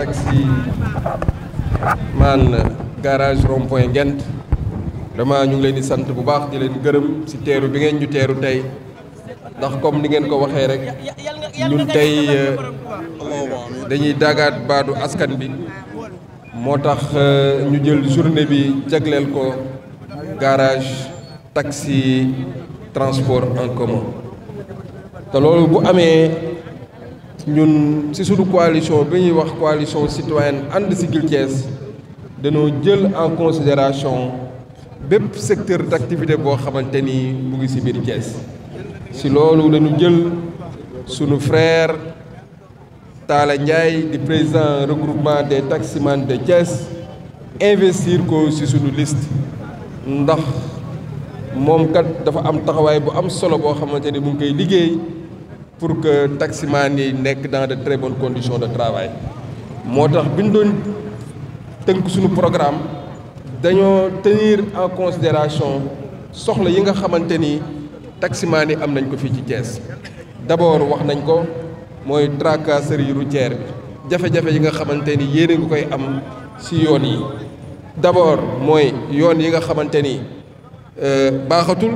taxi man garage rond point Ngent vraiment ñu ngi leen di sant bu baax di leen gërëm ci teeru bi ngeen ñu teeru tey ndax comme ni ngeen ko waxee rek ñun tey euh, dañuy dagaat baadu askan bi moo tax euh, ñu jël journée bi jagleel ko garage taxi transport en commun te loolu bu amee. ñun ci suñu coalition bi ñuy wax coalition citoyenne ànd Siggil Thiès dañoo jël en considération bépp secteur d'activité boo xamante ni mu ngi si biir Thiès ci loolu dañu jël sunu frère Talla Ndiaye di président regroupement des taximent de Thiès investir ko ci sunu list ndax moom kat dafa am taxawaay bu am solo boo xamante ni mu ngi koy liggéey pour que taximan yi nekk dans de très bonnes de travail moo tax bi ñu doon tënk suñu programme dañoo tenir en considération soxla yi nga xamante ni taximan yi am nañ ko fii ci Thiès d'abord wax nañ ko mooy tracasserie routière bi jafe-jafe yi nga xamante ni yéen a koy am si yoon yi d'abord mooy yoon yi nga xamante ni euh, baaxatul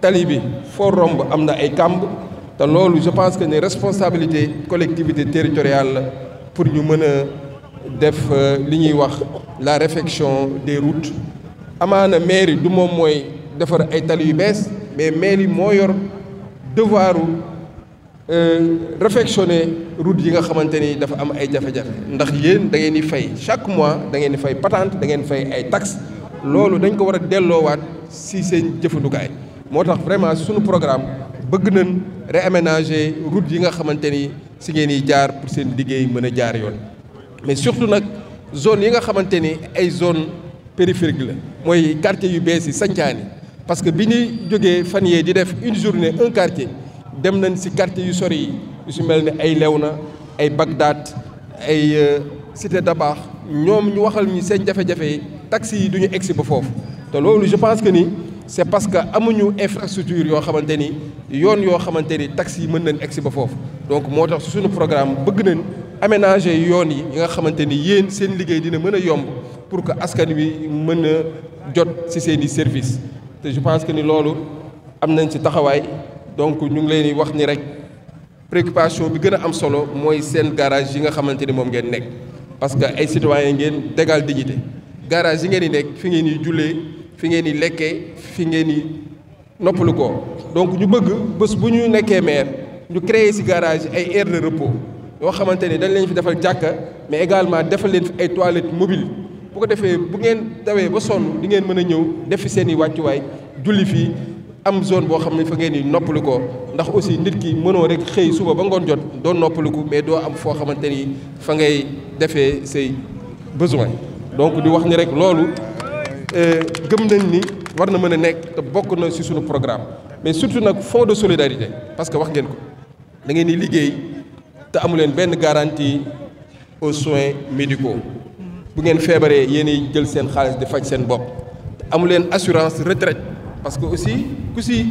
tali bi foo romb am na ay kàmb te loolu je pense que ne responsabilité collectivité territoriale la pour ñu mën a def euh, li ñuy wax la réfection des routes amaana mairie du moom mooy defar ay tali yu bees mais mairie moo yor devoiru euh, réfectionner route yi nga xamante ni dafa am ay jafe-jafe ndax yéen da ngeen di fay chaque mois da ngeen di fay patante da ngeen fay ay tax loolu dañ ko war a delloowaat si seen jëfandukaay moo tax vraiment suñu programme bëgg nañ réaménager route yi nga xamante ni si ngeen yi jaar pour seen liggéey mën a jaar yoon mais surtout nag zone yi nga xamante ni ay zone périphérique la mooy quartier yu bees yi sancaani parce que bi ñuy jógee fan yee di def une journée un quartier dem nañ si quartier yu sori yi yu si mel ni ay lew na ay Bagdad ay euh, Cité baax ñoom ñu waxal ñu seen jafe-jafe yi taxi yi du ñu egsi ba foofu te loolu je que ni c'est parce que amuñu infrastructure yoo xamante ni yoon yoo xamante ni taxi yi mën nañ egsi ba foofu donc moo tax suñu programme bëgg nañ aménager yoon yi nga xamante ni yéen seen liggéey dina mën a yomb pour que askan wi mën a jot ci seeni service te je pense que ni loolu am nañ ci taxawaay donc ñu ngi leen di wax nii rek préoccupation bi gën a am solo mooy seen garage yi nga xamante ni moom ngeen nekk parce que ay citoyen ngeen dégal dignité garage yi ngeen di nekk fi ngeen di fi ngeen di lekkee fi ngeen di noppalu ko donc ñu bëgg bés bu ñu nekkee maire ñu créer si garage ay aire de repos yoo xamante ni dañ leen fi defal jàkka mais également defal leen fi ay toilettes mobiles bu ko defee bu ngeen tawee ba sonn di ngeen mën a ñëw def fi seen i wàccuwaay julli fii am zone boo xam ne fa ngeen di noppalu ko ndax aussi nit ki mënoo rek xëy suba ba ngoon jot doo noppalu ko mais doo am foo xamante ni fa ngay defee say besoin donc Euh, gëm nañ ni war na mën a nekk te bokk na ci suñu programme mais surtout nag fonds de solidarité parce que wax ngeen ko da ngeen di liggéey te amu leen benn garantie au soins médicaux bu ngeen feebaree yéen jël seen xaalis di faj seen bopp te amu leen assurance retraite parce que aussi ku si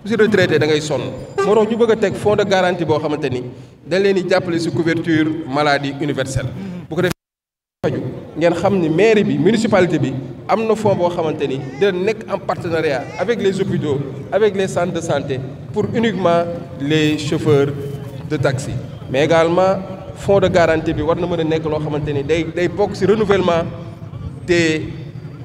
ku si retraité da sonn moo tax ñu bëgg a teg fonds de garantie boo xamante ni dañ leen di jàppale si couverture maladie universelle bu ko defee faju ngeen xam ni mairie bi municipalité bi am na fonds boo xamante ni dina nekk en partenariat avec les hôpitaux avec les centres de santé pour uniquement les chauffeurs de taxi mais également fonds de garantie bi war na mën a nekk loo xamante ni day day bokk ci renouvellement te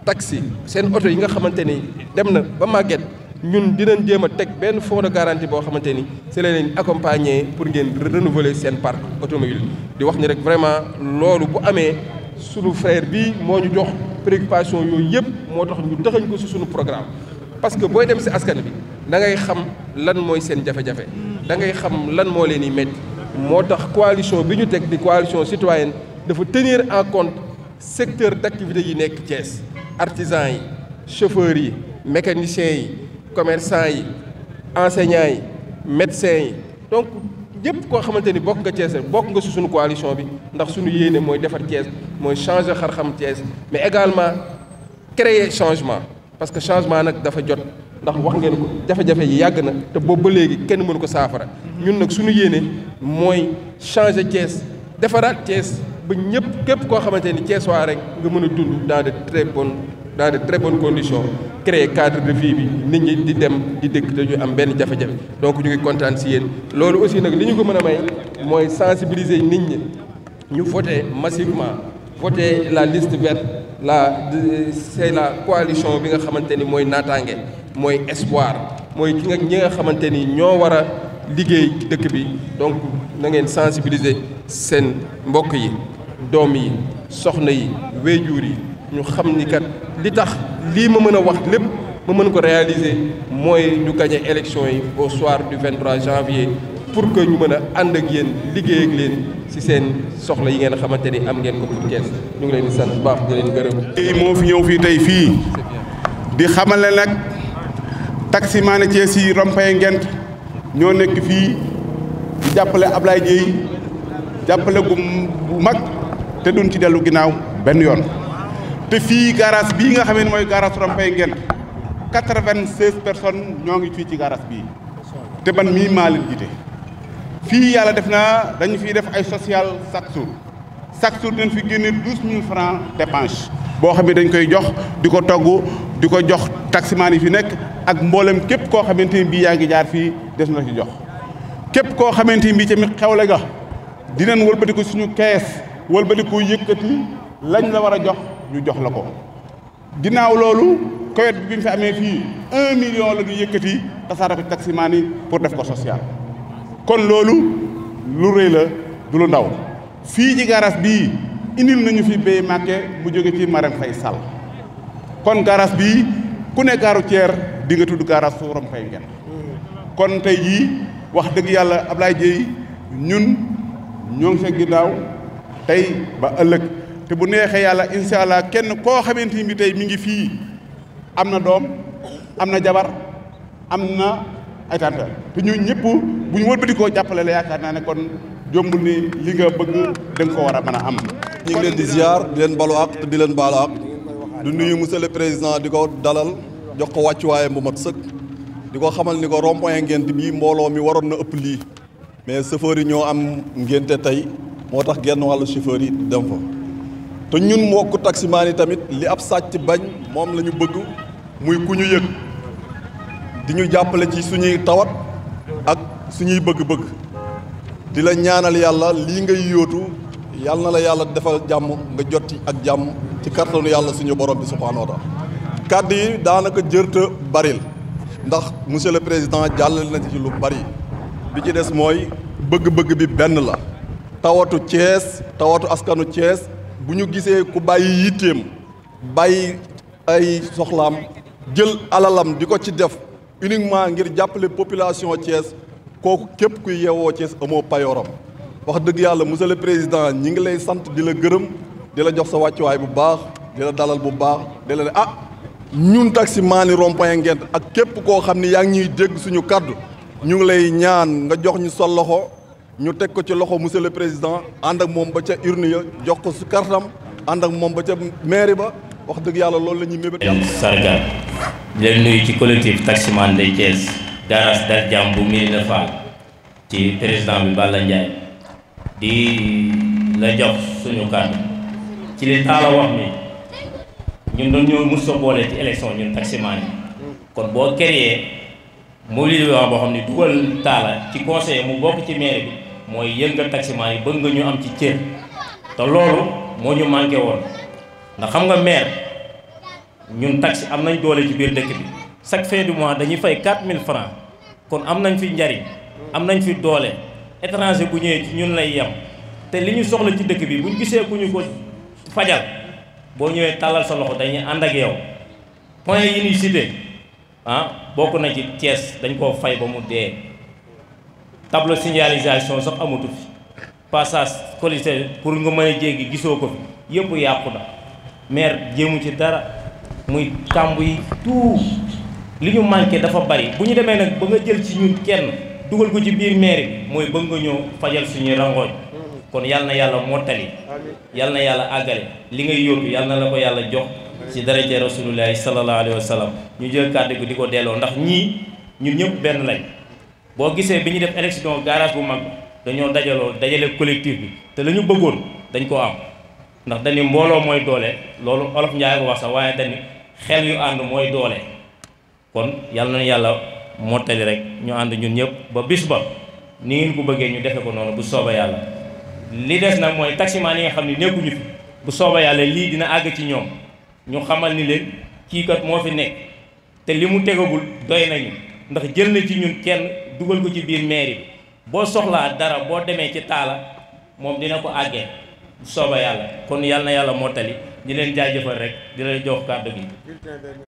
taxis seen oto yi nga xamante ni dem na ba màgget ñun dinañ jéem a teg benn fonds de garantie boo xamante ni ci la leen accompagner pour ngeen renouveler seen parc automobile di wax ni rek vraiment loolu bu amee sunu frère bii moo ñu jox préoccupation yooyu yëpp moo tax ñu dëxañ ko si suñu programme parce que booy dem si askan bi dangay xam lan mooy seen jafe-jafe da ngay xam lan moo leen yi métti moo tax coalition bi ñu teg di coalition citoyenne dafa tenir en compte secteur d'activité yi nekk Thiès artisans yi chauffeurs yi mécaniciens yi commerçants yi enseignants yi médecins yi donc yëpp koo xamante ni bokk nga Thiès bokk nga si suñu coalition bi ndax suñu yéene mooy defar Thiès mooy changer xar-xam Thiès mais également créer changement parce que changement nag dafa jot ndax wax ngeen ko jafe-jafe yi yàgg na te boobu ba léegi kenn mënu ko saafara ñun nag suñu yéene mooy changer Thiès defaraat Thiès ba ñëpp képp koo xamante ni Thiès waa rek nga mën a dund dans de très dans de très bonnes conditions créer cadre de vie bi nit ñi di dem di dëkk dañu am benn jafe-jafe donc ñu ngi kontaan si yéen loolu aussi nag li ñu ko mën a may mooy sensibiliser nit ñi ñu voter massivement voter la list verte la c'est la coalition bi nga xamante ni mooy naataange mooy espoir mooy ki nga ñi nga xamante ni ñoo war a liggéey dëkk bi donc na ngeen sensibiliser seen mbokk yi doom yi soxna yi wéyjuur yi ñu xam ni kat li tax lii ma mën a wax lépp ma mën ko réaliser mooy ñu gagné élection yi au soir du 23 janvier pour que ñu mën a ànd ak yéen liggéey ak leen ci seen soxla yi ngeen a xamante ni am ngeen ko pour kenn ñu ngi leen di sant baax di leen gërëm. tey moo fi ñëw fii tey fii di xamale nag taximaane Thiès yi rompaye ngent ñoo nekk fii di jàppale Ablaye Dieye jàppale gu mag te duñ ci dellu ginnaaw benn yoon. te fii garage bii nga xamee ne mooy garage Rompay Ngent quatre-vingt-seize personnes ñoo ngi fii ci garage bii te man mii maa leen fii yàlla def naa dañu fiy def ay social chaque jour chaque jour dañ fi génne douze mille francs dépense boo xam ne dañ koy jox di ko togg di ko jox taximaan yi fi nekk ak mboolem képp koo xamante ni bii yaa ngi jaar fii des na ci jox képp koo xamante ni bii tamit xewle nga di wëlbati ko suñu kees wëlbati ko yëkkati lañ la war a jox ñu jox la ko ginnaaw loolu kowet bi bin fi amee fii un million la ñu yëkkati tasaare ko taximaan yi pour def ko social kon loolu lu rëy la lu ndaw fii ci garas bii indil nañu fi bay màkke mu jóge ci Marème Faye Sall kon garas bii ku ne gaaru ceer di nga tudd garas su rom kon tey jii wax dëgg yàlla Ablaye Dieye ñun ñoo ngi sa ginnaaw tey ba ëllëg te bu neexee yàlla incha allah kenn koo xamante ni bi tey mi ngi fii am na doom am na jabar am na ay tante te ñëpp bu ñu wëlbati yaakaar naa ne kon jombul ni li bëgg da nga ko war a mën am. ñu leen di ziar leen balu ak di leen baalu ak du nuyu monsieur le président di ko dalal jox ko wàccuwaayam bu mat di ko xamal ni ko rond-point bii mbooloo mi waroon na ëpp lii mais chauffeur yi ñoo am ngénte tey moo tax genn wàllu chauffeur yi dem fa. te ñun mbokku taximaan yi tamit li ab sàcc bañ moom lañu bëgg muy ku ñu yëg di ñu jàppale ci suñuy tawat ak suñuy bëgg-bëgg di la ñaanal yàlla lii ngay yóotu yàlla na la yàlla defal jàmm nga jotti ak jàmm ci kàttanu yàlla suñu borom bi subhaanahu wa taala kàddu yi daanaka jërta baril ndax monsieur le président jàllale na ci lu bari bi ci des mooy bëgg-bëgg bi benn la tawatu Thiès tawatu askanu Thiès bu ñu gisee ku bàyyi yitteem bàyyi ay soxlaam jël alalam di ko ci def uniquement ngir jàppale population Thiès kooku képp kuy yeewoo Thiès amoo payoram wax dëgg yàlla monsieur le président ñi ngi lay sant di la gërëm di la jox sa wàccuwaay bu baax di la dalal bu baax di la ne ah ñun taxi maani rond-point Nguinth ak képp koo xam ni yaa ngi ñuy dégg suñu kàddu ñu ngi lay ñaan nga jox ñu sa loxo ñu teg ko ci loxo monsieur le président ànd ak moom ba ca urne ya jox ko su kartam ànd ak moom ba ca mairie ba wax dëgg yàlla loolu la ñuy mébét. sargal di leen nuyu ci collectif taximan de Thiès garas Dar Jàmm bu Médina Fall ci président bi Balla Ndiaye di la jox suñu kàddu ci li taala wax ni ñun doon ñoo mos a boole ci élection ñun taximan yi kon boo créé mobilisation boo xam ne dugal taala ci conseil mu bokk ci maire bi. mooy yéen nga taximan yi bëgg nga ñu am ci cër te loolu moo ñu manqué woon ndax xam nga maire ñun taxi am nañ doole ci biir dëkk bi chaque fin du mois dañuy fay mille francs kon am nañ fi njariñ am nañ fi doole étranger bu ñëwee ci ñun lay yem te li ñu soxla ci dëkk bi buñ gisee ku ñu ko fajal boo ñëwee tàllal sa loxo dañuy ànd ak yow point yi ñuy cité ah bokk na ci Thiès dañ koo fay ba mu dee tableau signalisation sax amatu fi passage collisé pour nga mën a jéggi gisoo ko fi yëpp yàqu na maire jéemu ci dara muy kàmb yi tout li ñu manqué dafa bari bu ñu demee nag ba nga jël ci ñun kenn dugal ko ci biir maire bi mooy bëgg nga ñëw fajal suñuy rangooñ kon yal na yàlla mottali yal na yàlla àggale li ngay yóotu yal na la ko yàlla jox ci daraja rasulullahi sallallahu alayhi wa sallam ñu jël kàddu gi di ko delloo ndax ñii ñu ñëpp benn lañ boo gisee bi ñu def élection garage bu mag dañoo dajaloo dajale collectif bi te la ñu bëggoon dañ koo am ndax dañu mbooloo mooy doole loolu olof Njaay ko wax sax waaye dañu xel yu ànd mooy doole kon yàlla na yàlla mottali rek ñu ànd ñun ñëpp ba bis ba ni ngeen ko bëggee ñu defe ko noonu bu sooba yàlla li des nag mooy taximaan yi nga xam ne nekkuñu fi bu sooba yàlla lii dina àgg ci ñoom ñu xamal ni leen kii kat moo fi nekk te li mu tegagul doy nañu ndax jël na ci ñun kenn dugal ko ci biir mairie bi boo soxlaa dara boo demee ci taala moom dina ko àggee sooba yàlla kon yàlla na yàlla mottali di leen jaajëfal rek di leen jox kàddu gi